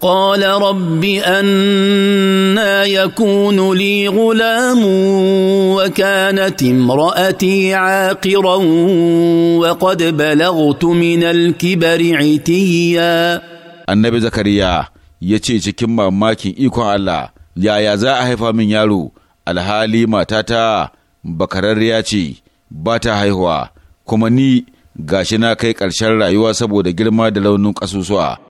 قال رب أنا يكون لي غلام وكانت امرأتي عاقرا وقد بلغت من الكبر عتيا النبي زكريا yace cikin mamakin ikon Allah yaya za a haifa min yaro alhali matata bakararriya ce ba ta haihuwa kuma ni gashi na kai ƙarshen rayuwa saboda girma da launin ƙasusuwa